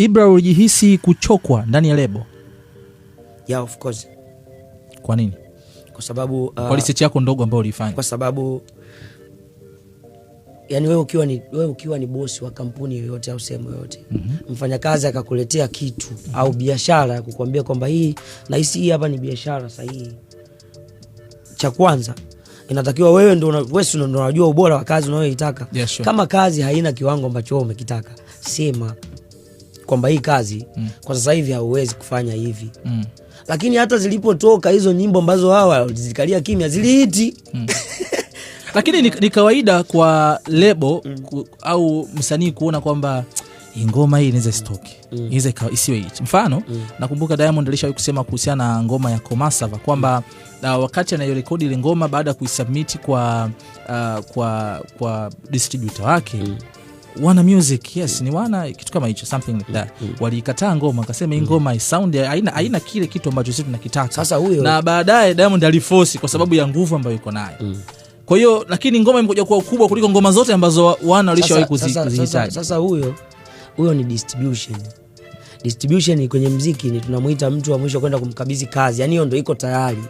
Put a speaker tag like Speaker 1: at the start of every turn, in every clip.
Speaker 1: Ibra, ulijihisi kuchokwa ndani ya lebo? Yeah, of course. Kwa nini?
Speaker 2: Kwa sababu uh,
Speaker 1: kwa research yako ndogo ambayo ulifanya.
Speaker 2: Kwa sababu yani wewe ukiwa ni, wewe ukiwa ni bosi wa kampuni yoyote au sehemu yoyote mm -hmm. mfanyakazi akakuletea kitu mm -hmm. au biashara ya kukuambia kwamba hii nahisi hii hapa ni biashara sahihi, cha kwanza inatakiwa wewe ndo unajua ubora wa kazi unayoitaka. yeah, sure. Kama kazi haina kiwango ambacho umekitaka sema kwamba hii kazi mm. kwa sasa hivi hauwezi kufanya hivi mm. lakini hata zilipotoka hizo nyimbo ambazo hawa zikalia kimya ziliiti mm.
Speaker 1: lakini ni, ni kawaida kwa lebo mm. ku, au msanii kuona kwamba ngoma hii inaweza isitoke mm. inaweza isiwe hichi mfano mm. nakumbuka diamond alishawai kusema kuhusiana na ngoma ya komasava kwamba mm. uh, wakati anayorekodi ile ngoma baada ya kuisubmiti kwa, uh, kwa kwa distributa wake mm wana music yes, ni wana kitu kama hicho something like that. Mm-hmm. Waliikataa ngoma, akasema hii ngoma mm-hmm. sound haina haina kile kitu ambacho sisi tunakitaka. Sasa huyo na baadaye Diamond aliforce kwa sababu ya nguvu ambayo yuko nayo mm. kwa hiyo lakini ngoma imekuja kuwa kubwa kuliko ngoma zote ambazo wana walishawahi kuzihitaji.
Speaker 2: Sasa huyo huyo ni distribution. Distribution kwenye mziki ni tunamwita mtu wa mwisho kwenda kumkabidhi kazi, yani hiyo ndo iko tayari,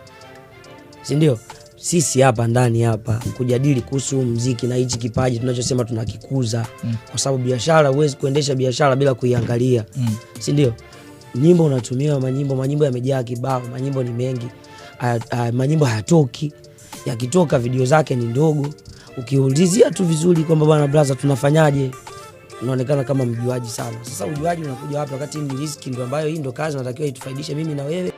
Speaker 2: si ndio? sisi hapa ndani hapa kujadili kuhusu mziki na hichi kipaji tunachosema tunakikuza mm. kwa sababu biashara, huwezi kuendesha biashara bila kuiangalia mm. si ndio? Nyimbo unatumiwa manyimbo, manyimbo yamejaa kibao, manyimbo ni mengi, manyimbo hayatoki, yakitoka video zake ni ndogo. Ukiulizia tu vizuri kwamba bwana blaza, tunafanyaje, unaonekana kama mjuaji sana. Sasa ujuaji unakuja wapi wakati ni riski ndo ambayo hii ndo kazi natakiwa itufaidishe mimi na wewe.